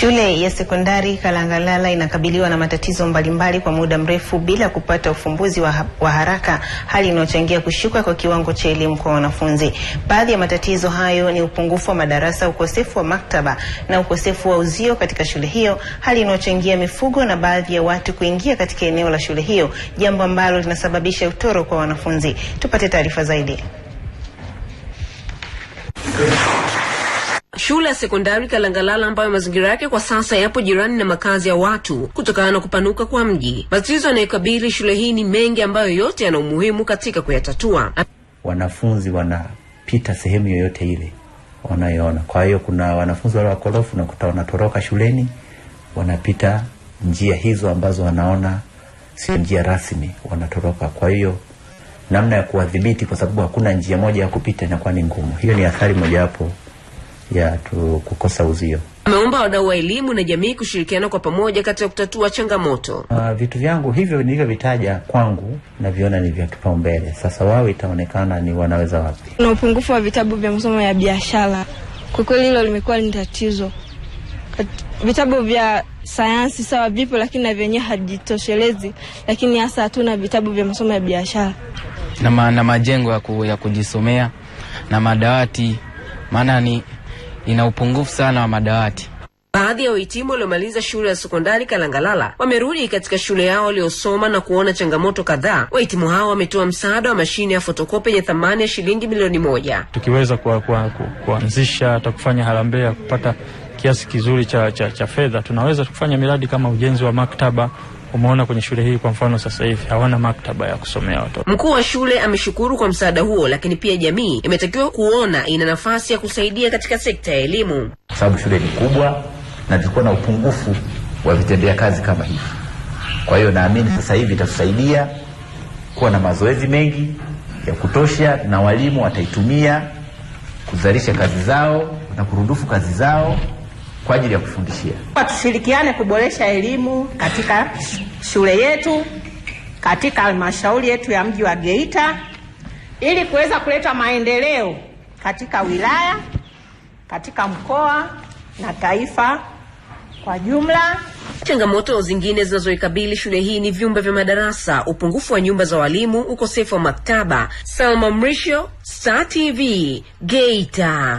Shule ya sekondari Kalangalala inakabiliwa na matatizo mbalimbali kwa muda mrefu bila kupata ufumbuzi wa, ha wa haraka, hali inayochangia kushuka kwa kiwango cha elimu kwa wanafunzi. Baadhi ya matatizo hayo ni upungufu wa madarasa, ukosefu wa maktaba na ukosefu wa uzio katika shule hiyo, hali inayochangia mifugo na baadhi ya watu kuingia katika eneo la shule hiyo, jambo ambalo linasababisha utoro kwa wanafunzi. Tupate taarifa zaidi. Shule ya sekondari Kalangalala ambayo mazingira yake kwa sasa yapo jirani na makazi ya watu kutokana na kupanuka kwa mji. Matatizo yanayokabili shule hii ni mengi ambayo yote yana umuhimu katika kuyatatua. Wanafunzi wanapita sehemu yoyote ile wanayoona. Kwa hiyo kuna wanafunzi wale wakorofu nakuta wanatoroka shuleni, wanapita njia hizo ambazo wanaona sio njia rasmi, wanatoroka. Kwa hiyo namna ya kuwadhibiti, kwa sababu hakuna njia moja ya kupita, inakuwa ni ngumu. Hiyo ni athari mojawapo ya tu kukosa uzio. Ameomba wadau wa elimu na jamii kushirikiana kwa pamoja katika kutatua changamoto. Uh, vitu vyangu hivyo nilivyovitaja kwangu naviona ni vya kipaumbele. Sasa wao itaonekana ni wanaweza wapi. Kuna upungufu wa vitabu vya masomo ya biashara, kwa kweli hilo limekuwa ni tatizo. Vitabu vya sayansi sawa vipo, lakini na vyenyewe hajitoshelezi, lakini hasa hatuna vitabu vya masomo ya biashara na, ma, na majengo ya, ku, ya kujisomea na madawati maana ni ina upungufu sana wa madawati. Baadhi ya wahitimu waliomaliza shule ya sekondari Kalangalala wamerudi katika shule yao waliosoma na kuona changamoto kadhaa. Wahitimu hao wametoa msaada wa mashine ya fotokopi yenye thamani ya shilingi milioni moja. Tukiweza kuanzisha hata kufanya harambee ya kupata kiasi kizuri cha, cha, cha fedha, tunaweza kufanya miradi kama ujenzi wa maktaba. Umeona kwenye shule hii kwa mfano, sasa hivi hawana maktaba ya kusomea watoto. Mkuu wa shule ameshukuru kwa msaada huo, lakini pia jamii imetakiwa kuona ina nafasi ya kusaidia katika sekta ya elimu, sababu shule ni kubwa na tulikuwa na upungufu wa vitendea kazi kama hivi. Kwa hiyo naamini sasa hivi itatusaidia kuwa na mazoezi mengi ya kutosha, na walimu wataitumia kuzalisha kazi zao na kurudufu kazi zao kwa ajili ya kufundishia. Tushirikiane kuboresha elimu katika shule yetu, katika halmashauri yetu ya mji wa Geita ili kuweza kuleta maendeleo katika wilaya, katika mkoa na taifa kwa jumla. Changamoto zingine zinazoikabili shule hii ni vyumba vya madarasa, upungufu wa nyumba za walimu, ukosefu wa maktaba. Salma Mrisho, Star TV, Geita.